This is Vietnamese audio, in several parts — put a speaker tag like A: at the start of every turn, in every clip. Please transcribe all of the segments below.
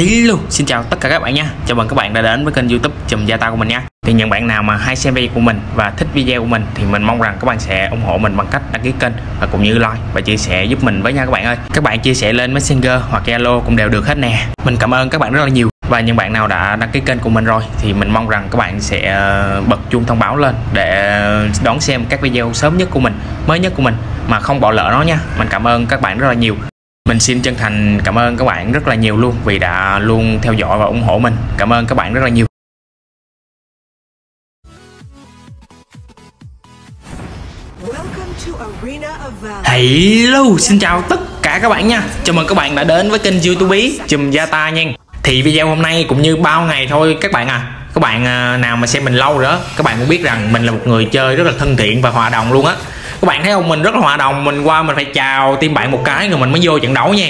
A: Hello, xin chào tất cả các bạn nha Chào mừng các bạn đã đến với kênh youtube Chùm Gia Tao của mình nha Thì những bạn nào mà hay xem video của mình và thích video của mình Thì mình mong rằng các bạn sẽ ủng hộ mình bằng cách đăng ký kênh Và cũng như like và chia sẻ giúp mình với nha các bạn ơi Các bạn chia sẻ lên Messenger hoặc Zalo cũng đều được hết nè Mình cảm ơn các bạn rất là nhiều và những bạn nào đã đăng ký kênh của mình rồi thì mình mong rằng các bạn sẽ ờ, bật chuông thông báo lên để đón xem các video sớm nhất của mình mới nhất của mình mà không bỏ lỡ nó nha mình cảm ơn các bạn rất là nhiều mình xin chân thành cảm ơn các bạn rất là nhiều luôn vì đã luôn theo dõi và ủng hộ mình cảm ơn các bạn rất là nhiều Hello, xin chào tất cả các bạn nha Chào mừng các bạn đã đến với kênh youtube Chùm Gia Ta nha Thì video hôm nay cũng như bao ngày thôi các bạn à Các bạn à, nào mà xem mình lâu rồi đó Các bạn cũng biết rằng mình là một người chơi rất là thân thiện và hòa đồng luôn á các bạn thấy không mình rất là hòa đồng mình qua mình phải chào team bạn một cái rồi mình mới vô trận đấu nha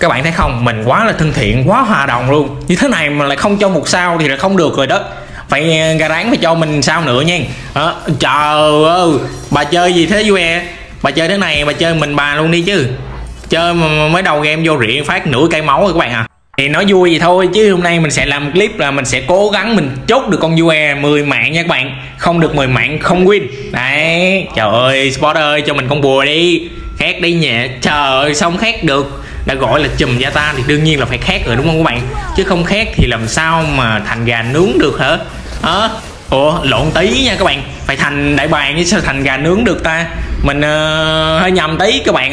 A: các bạn thấy không mình quá là thân thiện quá hòa đồng luôn như thế này mà lại không cho một sao thì là không được rồi đó phải ờ, gà ráng phải cho mình sao nữa nha à, trời ơi bà chơi gì thế vui à? bà chơi thế này bà chơi mình bà luôn đi chứ chơi mới đầu game vô rỉ phát nửa cây máu rồi các bạn à thì nói vui vậy thôi chứ hôm nay mình sẽ làm clip là mình sẽ cố gắng mình chốt được con UE 10 mạng nha các bạn không được 10 mạng không win đấy trời ơi spot ơi cho mình con bùa đi khét đi nhẹ trời ơi xong khét được đã gọi là chùm gia ta thì đương nhiên là phải khét rồi đúng không các bạn chứ không khét thì làm sao mà thành gà nướng được hả hả ủa lộn tí nha các bạn phải thành đại bàng chứ sao thành gà nướng được ta mình uh, hơi nhầm tí các bạn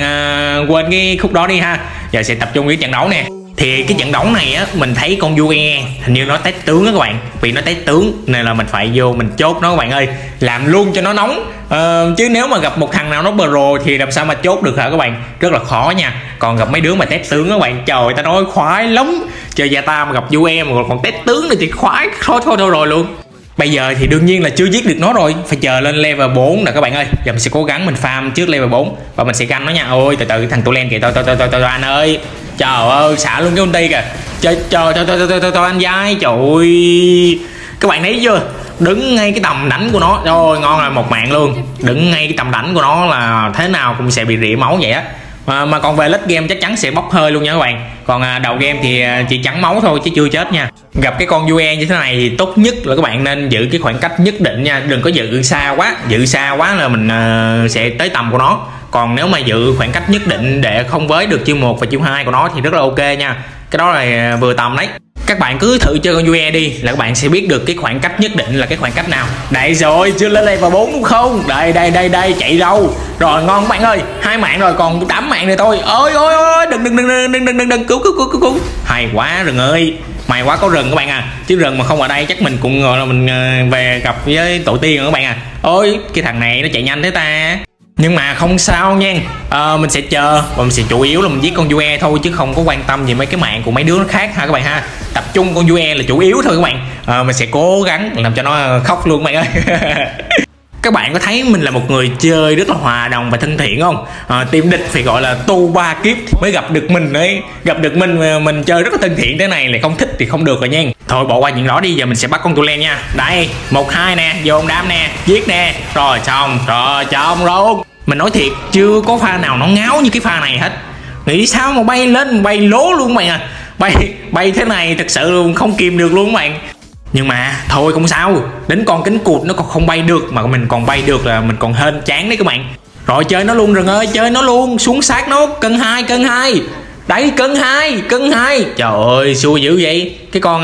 A: uh, quên cái khúc đó đi ha giờ sẽ tập trung cái trận đấu nè thì cái trận đấu này á mình thấy con vua e hình như nó test tướng á các bạn vì nó test tướng nên là mình phải vô mình chốt nó các bạn ơi làm luôn cho nó nóng ờ, chứ nếu mà gặp một thằng nào nó pro thì làm sao mà chốt được hả các bạn rất là khó nha còn gặp mấy đứa mà test tướng các bạn trời ta nói khoái lắm chơi gia ta mà gặp vua e mà còn test tướng nữa thì khoái thôi thôi thôi rồi luôn Bây giờ thì đương nhiên là chưa giết được nó rồi Phải chờ lên level 4 nè các bạn ơi Giờ mình sẽ cố gắng mình farm trước level 4 Và mình sẽ canh nó nha Ôi từ từ thằng Tulen kìa Tôi tôi tôi tôi tôi anh ơi trời ơi xả luôn cái ulti kìa trời trời trời trời trời, trời, trời anh dai trời các bạn thấy chưa đứng ngay cái tầm đánh của nó rồi ngon rồi một mạng luôn đứng ngay cái tầm đánh của nó là thế nào cũng sẽ bị rỉa máu vậy á mà, mà còn về lít game chắc chắn sẽ bốc hơi luôn nha các bạn còn à, đầu game thì à, chỉ trắng máu thôi chứ chưa chết nha gặp cái con UE như thế này thì tốt nhất là các bạn nên giữ cái khoảng cách nhất định nha đừng có giữ xa quá giữ xa quá là mình à, sẽ tới tầm của nó còn nếu mà giữ khoảng cách nhất định để không với được chiêu một và chiêu hai của nó thì rất là ok nha cái đó là vừa tầm đấy các bạn cứ thử chơi con UE đi là các bạn sẽ biết được cái khoảng cách nhất định là cái khoảng cách nào Đấy rồi chưa lên đây vào 4 đúng không đây đây đây đây chạy đâu rồi ngon các bạn ơi hai mạng rồi còn tám mạng này thôi ôi ôi ôi đừng đừng đừng đừng đừng đừng đừng, cứu cứu cứu cứu cứu hay quá rừng ơi mày quá có rừng các bạn à chứ rừng mà không ở đây chắc mình cũng ngồi là mình ờ, về gặp với tổ tiên các bạn à ôi cái thằng này nó chạy nhanh thế ta nhưng mà không sao nha à, mình sẽ chờ và mình sẽ chủ yếu là mình giết con UE thôi chứ không có quan tâm gì mấy cái mạng của mấy đứa nó khác ha các bạn ha tập trung con UE là chủ yếu thôi các bạn à, mình sẽ cố gắng làm cho nó khóc luôn các bạn ơi các bạn có thấy mình là một người chơi rất là hòa đồng và thân thiện không à, team địch phải gọi là tu ba kiếp mới gặp được mình ấy gặp được mình ờ, mình chơi rất là thân thiện thế này lại không thích thì không được rồi nha thôi bỏ qua những đó đi giờ mình sẽ bắt con tu len nha đây một hai nè vô ông đám nè giết nè rồi xong rồi xong luôn mình nói thiệt chưa có pha nào nó ngáo như cái pha này hết nghĩ sao mà bay lên bay lố luôn mày à bay bay thế này thật sự luôn không kìm được luôn mày nhưng mà thôi không sao đến con cánh cụt nó còn không bay được mà mình còn bay được là mình còn hên chán đấy các bạn rồi chơi nó luôn rừng ơi chơi nó luôn xuống sát nó cân hai cân hai đấy cân hai cân hai trời ơi xua dữ vậy cái con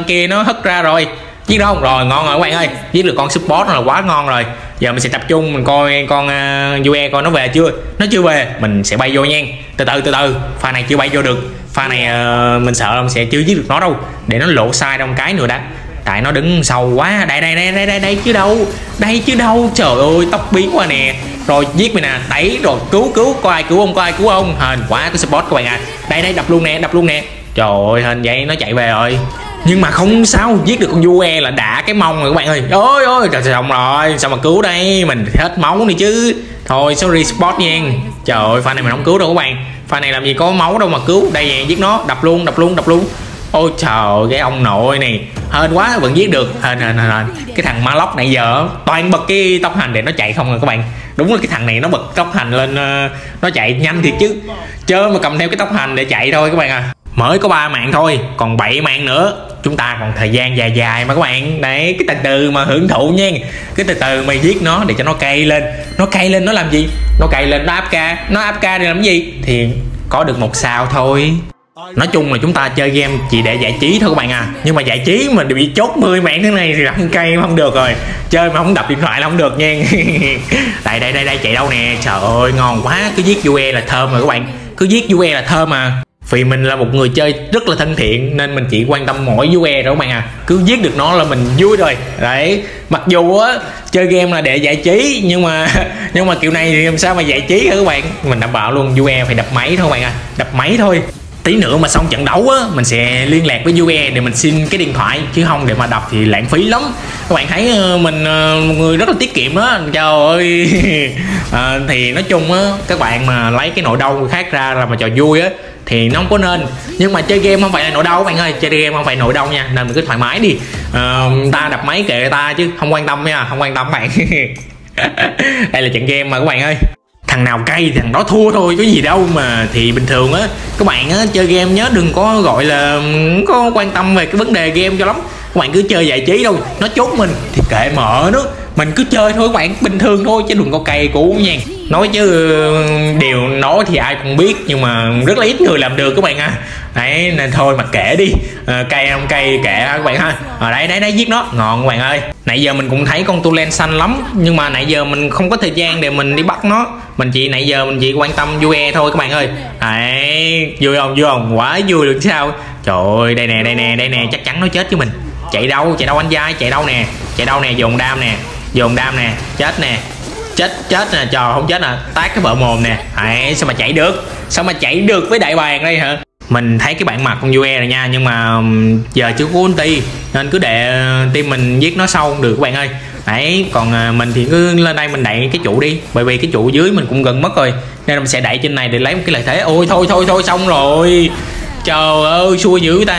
A: uh, kia nó hất ra rồi giết đâu rồi ngon rồi các bạn ơi giết được con support là quá ngon rồi giờ mình sẽ tập trung mình coi con uh, à, UE coi nó về chưa nó chưa về mình sẽ bay vô nha từ từ từ từ pha này chưa bay vô được pha này uh, mình sợ là mình sẽ chưa giết được nó đâu để nó lộ sai trong cái nữa đã tại nó đứng sâu quá đây đây đây đây đây đây chứ đâu đây chứ đâu trời ơi tóc biến quá nè rồi giết mày nè đẩy rồi cứu cứu có ai cứu ông có ai cứu ông hên quá cái support các bạn à đây đây đập luôn nè đập luôn nè trời ơi hình vậy nó chạy về rồi nhưng mà không sao giết được con UE là đã cái mông rồi các bạn ơi ôi ôi trời xong rồi sao mà cứu đây mình hết máu này chứ thôi sorry spot nha trời ơi pha này mình không cứu đâu các bạn pha này làm gì có máu đâu mà cứu đây nè giết nó đập luôn đập luôn đập luôn ôi trời cái ông nội này hên quá vẫn giết được hên hên hên, cái thằng Maloc nãy giờ toàn bật cái tốc hành để nó chạy không rồi à, các bạn đúng là cái thằng này nó bật tốc hành lên ờ, nó chạy nhanh thiệt chứ chớ mà cầm theo cái tốc hành để chạy thôi các bạn à mới có ba mạng thôi còn 7 mạng nữa chúng ta còn thời gian dài dài mà các bạn đấy cái từ từ mà hưởng thụ nha cái từ từ mày giết nó để cho nó cay lên nó cay lên nó làm gì nó cay lên nó áp ca nó áp ca để làm gì thì có được một sao thôi Nói chung là chúng ta chơi game chỉ để giải trí thôi các bạn à Nhưng mà giải trí mà bị chốt 10 mạng thế này thì không cây không được rồi Chơi mà không đập điện thoại là không được nha Đây đây đây đây chạy đâu nè Trời ơi ngon quá cứ giết UE là thơm rồi các bạn Cứ giết UE là thơm mà vì mình là một người chơi rất là thân thiện nên mình chỉ quan tâm mỗi UE rồi các bạn à cứ giết được nó là mình vui rồi đấy mặc dù á chơi game là để giải trí nhưng mà nhưng mà kiểu này thì làm sao mà giải trí hả các bạn mình đảm bảo luôn UE phải đập máy thôi các bạn à đập máy thôi tí nữa mà xong trận đấu á mình sẽ liên lạc với UE để mình xin cái điện thoại chứ không để mà đọc thì lãng phí lắm các bạn thấy ờ, mình ờ, một người rất là tiết kiệm á trời ơi à, thì nói chung á các bạn mà lấy cái nỗi đau người khác ra là mà trò vui á thì nó không có nên nhưng mà chơi game không phải là nỗi đau các bạn ơi chơi game không phải nỗi đau nha nên mình cứ thoải mái đi à, ta đập máy kệ ta chứ không quan tâm nha không quan tâm bạn đây là trận game mà các bạn ơi thằng nào cay thằng đó thua thôi có gì đâu mà thì bình thường á các bạn á chơi game nhớ đừng có gọi là có quan tâm về cái vấn đề game cho lắm các bạn cứ chơi giải trí thôi nó chốt mình thì kệ mở nó mình cứ chơi thôi các bạn bình thường thôi chứ đừng có cay cũ nha nói chứ điều nói thì ai cũng biết nhưng mà rất là ít người làm được các bạn à đấy nên thôi mà kể đi à, ờ, cây không cây kệ các bạn ha ở ờ, à, đấy đấy đấy giết nó ngon các bạn ơi nãy giờ mình cũng thấy con tu len xanh lắm nhưng mà nãy giờ mình không có thời gian để mình đi bắt nó mình chỉ nãy giờ mình chỉ quan tâm vui e thôi các bạn ơi đấy vui không vui không quá vui được sao trời ơi đây nè đây nè đây nè chắc chắn nó chết chứ mình chạy đâu chạy đâu anh giai chạy đâu nè chạy đâu nè dồn đam nè dồn đam nè chết nè chết chết nè trò không chết nè tát cái vợ mồm nè hãy sao mà chạy được sao mà chạy được với đại bàng đây hả mình thấy cái bạn mặt con UE rồi nha nhưng mà giờ chưa có ulti nên cứ để team mình giết nó sau không được các bạn ơi đấy còn à, mình thì cứ lên đây mình đẩy cái trụ đi bởi vì cái trụ dưới mình cũng gần mất rồi nên mình sẽ đẩy trên này để lấy một cái lợi thế ôi thôi thôi thôi xong rồi trời ơi xui dữ ta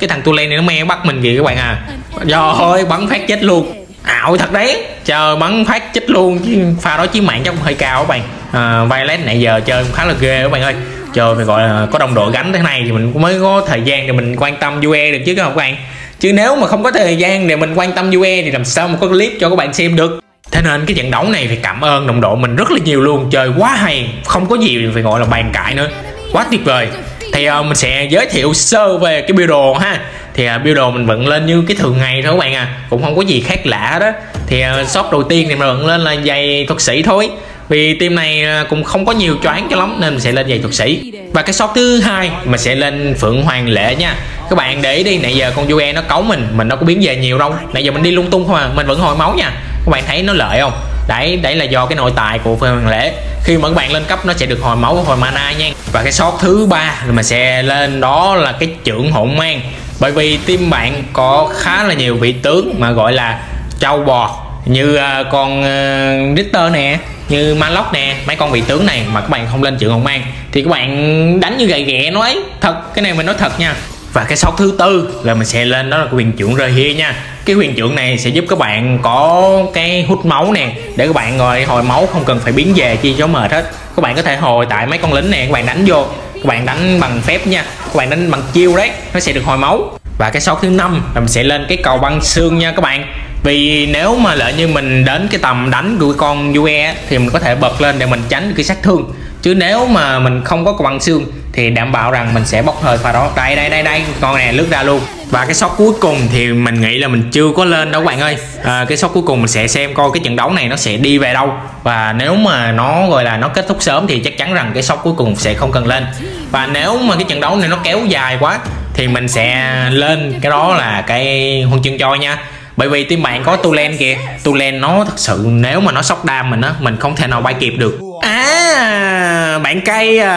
A: cái thằng tu này nó me bắt mình kìa các bạn à rồi bắn phát chết luôn ảo thật đấy chờ bắn phát chích luôn chứ pha đó chiến mạng chắc cũng hơi cao các bạn à, Violet nãy giờ chơi cũng khá là ghê các bạn ơi chơi phải gọi là có đồng đội gánh thế này thì mình cũng mới có thời gian để mình quan tâm UE được chứ các bạn chứ nếu mà không có thời gian để mình quan tâm UE thì làm sao mà có clip cho các bạn xem được thế nên cái trận đấu này phải cảm ơn đồng đội mình rất là nhiều luôn chơi quá hay không có gì phải gọi là bàn cãi nữa quá tuyệt vời thì uh, mình sẽ giới thiệu sơ về cái build đồ ha thì à, build đồ mình vận lên như cái thường ngày thôi các bạn à cũng không có gì khác lạ đó thì à, shop đầu tiên thì mình vận lên là giày thuật sĩ thôi vì team này à, cũng không có nhiều choáng cho lắm nên mình sẽ lên giày thuật sĩ và cái shop thứ hai mình sẽ lên phượng hoàng lệ nha các bạn để ý đi nãy giờ con Joe nó cấu mình mình nó có biến về nhiều đâu nãy giờ mình đi lung tung không à mình vẫn hồi máu nha các bạn thấy nó lợi không đấy đấy là do cái nội tại của phê hoàng lễ khi mà các bạn lên cấp nó sẽ được hồi máu hồi mana nha và cái sót thứ ba mà sẽ lên đó là cái trưởng hỗn mang bởi vì team bạn có khá là nhiều vị tướng mà gọi là trâu bò như à, con à, Richter nè như Malok nè mấy con vị tướng này mà các bạn không lên trưởng hỗn mang thì các bạn đánh như gậy ghẹ nó ấy thật cái này mình nói thật nha và cái shot thứ tư là mình sẽ lên đó là quyền trưởng rơi hia nha cái quyền trưởng này sẽ giúp các bạn có cái hút máu nè để các bạn ngồi hồi máu không cần phải biến về chi cho mệt hết các bạn có thể hồi tại mấy con lính nè các bạn đánh vô các bạn đánh bằng phép nha các bạn đánh bằng chiêu đấy nó sẽ được hồi máu và cái shot thứ năm là mình sẽ lên cái cầu băng xương nha các bạn vì nếu mà lỡ như mình đến cái tầm đánh của con UE thì mình có thể bật lên để mình tránh cái sát thương chứ nếu mà mình không có bằng xương thì đảm bảo rằng mình sẽ bốc hơi pha đó đây đây đây đây con này lướt ra luôn và cái shot cuối cùng thì mình nghĩ là mình chưa có lên đâu các bạn ơi à, cái shot cuối cùng mình sẽ xem coi cái trận đấu này nó sẽ đi về đâu và nếu mà nó gọi là nó kết thúc sớm thì chắc chắn rằng cái shot cuối cùng sẽ không cần lên và nếu mà cái trận đấu này nó kéo dài quá thì mình sẽ lên cái đó là cái huân chương cho nha bởi vì team bạn có tu Tulen kìa len nó thật sự nếu mà nó sóc đam mình á mình không thể nào bay kịp được à bạn cay à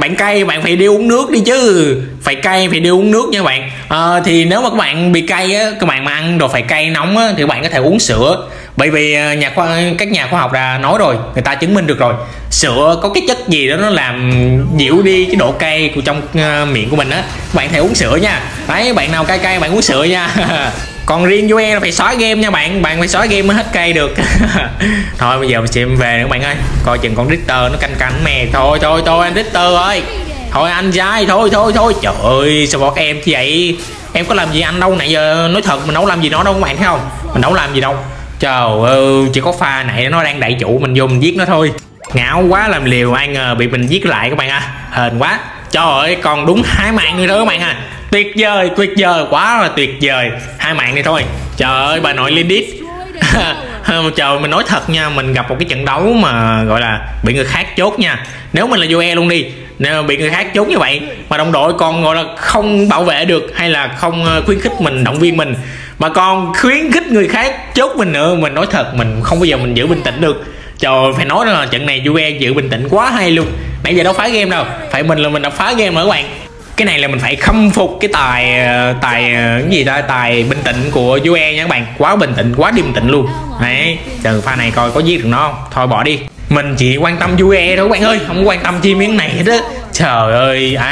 A: bạn cay bạn phải đi uống nước đi chứ phải cay phải đi uống nước nha bạn à, thì nếu mà các bạn bị cay á các bạn mà ăn đồ phải cay nóng á thì các bạn có thể uống sữa bởi vì à, nhà khoa các nhà khoa học đã nói rồi người ta chứng minh được rồi sữa có cái chất gì đó nó làm dịu đi cái độ cay của trong uh, miệng của mình á bạn thể uống sữa nha đấy bạn nào cay cay bạn uống sữa nha còn riêng của em là phải xóa game nha bạn bạn phải xóa game mới hết cây được thôi bây giờ mình xem về nữa bạn ơi coi chừng con Richter nó canh canh mè thôi thôi thôi anh Richter ơi thôi anh trai thôi thôi thôi trời ơi sao bọn em chứ vậy em có làm gì anh đâu nãy giờ nói thật mình đâu làm gì nó đâu các bạn thấy không mình đâu làm gì đâu trời ơi chỉ có pha này nó đang đại chủ mình vô mình giết nó thôi ngáo quá làm liều ai ngờ bị mình giết lại các bạn à hên quá trời ơi còn đúng hai mạng nữa đó các bạn à tuyệt vời tuyệt vời quá là tuyệt vời hai mạng đi thôi trời ơi bà nội Lindis trời à. mình nói thật nha mình gặp một cái trận đấu mà gọi là bị người khác chốt nha nếu mình là vô e luôn đi nếu bị người khác chốt như vậy mà đồng đội còn gọi là không bảo vệ được hay là không ờ, khuyến khích mình động viên mình mà còn khuyến khích người khác chốt mình nữa mình nói thật mình không bao giờ mình giữ bình tĩnh được trời phải nói là trận này e giữ bình tĩnh quá hay luôn nãy giờ đâu phá game đâu phải mình là mình đã phá game rồi các bạn cái này là mình phải khâm phục cái tài ờ, tài ờ, cái gì ta tài bình tĩnh của UE nha các bạn quá bình tĩnh quá điềm tĩnh luôn đấy chờ pha này coi có giết được nó không thôi bỏ đi mình chỉ quan tâm UE thôi các bạn ơi không quan tâm chi miếng này hết á trời ơi à,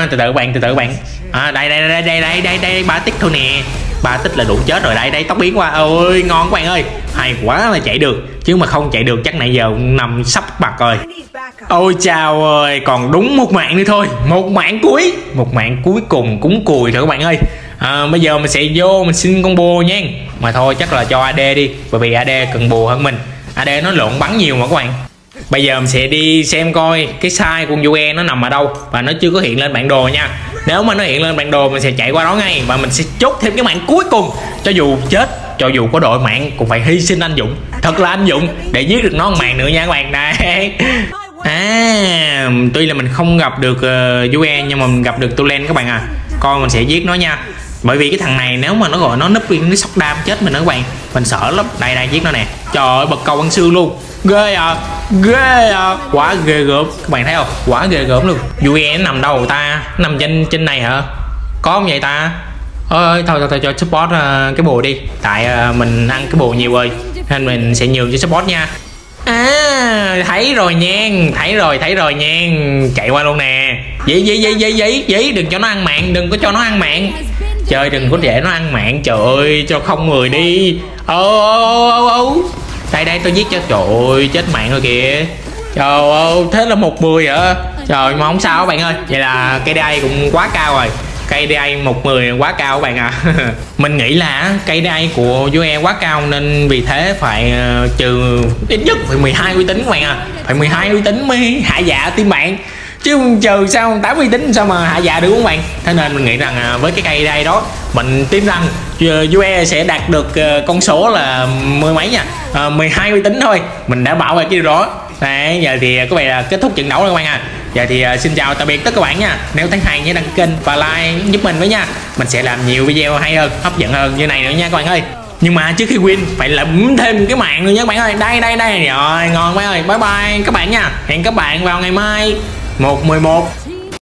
A: à từ từ bạn từ từ bạn à, đây đây đây đây đây đây đây ba tích thôi nè ba tích là đủ chết rồi đây đây tóc biến qua ôi ngon các bạn ơi hay quá là chạy được chứ mà không chạy được chắc nãy giờ nằm sắp mặt rồi ôi chào ơi còn đúng một mạng nữa thôi một mạng cuối một mạng cuối cùng cúng cùi thôi các bạn ơi à, bây giờ mình sẽ vô mình xin combo nha mà thôi chắc là cho ad đi bởi vì ad cần bù hơn mình ad nó lộn bắn nhiều mà các bạn bây giờ mình sẽ đi xem coi cái size con UE nó nằm ở đâu và nó chưa có hiện lên bản đồ nha nếu mà nó hiện lên bản đồ mình sẽ chạy qua đó ngay và mình sẽ chốt thêm cái mạng cuối cùng cho dù chết cho dù có đội mạng cũng phải hy sinh anh dũng thật là anh dũng để giết được nó mạng nữa nha các bạn này à tuy là mình không gặp được ờ, uh, UE nhưng mà mình gặp được Tulen các bạn à con mình sẽ giết nó nha bởi vì cái thằng này nếu mà nó gọi nó nấp đi nó sóc đam chết mình nữa các bạn mình sợ lắm đây đây giết nó nè trời ơi bật cầu ăn xương luôn ghê à ghê à quá ghê gớm các bạn thấy không quá ghê gớm luôn UE nó nằm đâu ta nằm trên trên này hả có không vậy ta thôi thôi thôi cho support uh, cái bồ đi tại uh, mình ăn cái bồ nhiều rồi nên mình sẽ nhường cho support nha à thấy rồi nhen thấy rồi thấy rồi nhen chạy qua luôn nè giấy giấy giấy giấy giấy giấy đừng cho nó ăn mạng đừng có cho nó ăn mạng trời đừng có để nó ăn mạng trời ơi cho không người đi ô ô ô ô đây đây tôi giết cho trời ơi chết mạng rồi kìa trời ơi thế là một mười hả trời mà không sao bạn ơi vậy là cái đây cũng quá cao rồi cây DA 110 quá cao các bạn ạ à. mình nghĩ là cây DA của UE quá cao nên vì thế phải ờ, trừ ít nhất phải 12 uy tín các bạn ạ à. phải 12 uy tín mới hạ dạ tim bạn chứ trừ sao 8 uy tín sao mà hạ dạ được không bạn thế nên mình nghĩ rằng ờ, với cái cây đây đó mình tin rằng ờ, UE sẽ đạt được con số là mười mấy nha à, 12 uy tín thôi mình đã bảo vệ cái điều đó đấy giờ thì à, các bạn là kết thúc trận đấu rồi các bạn à giờ thì à, xin chào tạm biệt tất cả các bạn nha nếu thấy hay nhớ đăng kênh và like giúp mình với nha mình sẽ làm nhiều video hay hơn hấp dẫn hơn như này nữa nha các bạn ơi nhưng mà trước khi win phải lụm thêm cái mạng nữa nha các bạn ơi đây đây đây rồi ngon các bạn ơi bye bye các bạn nha hẹn các bạn vào ngày mai một mười một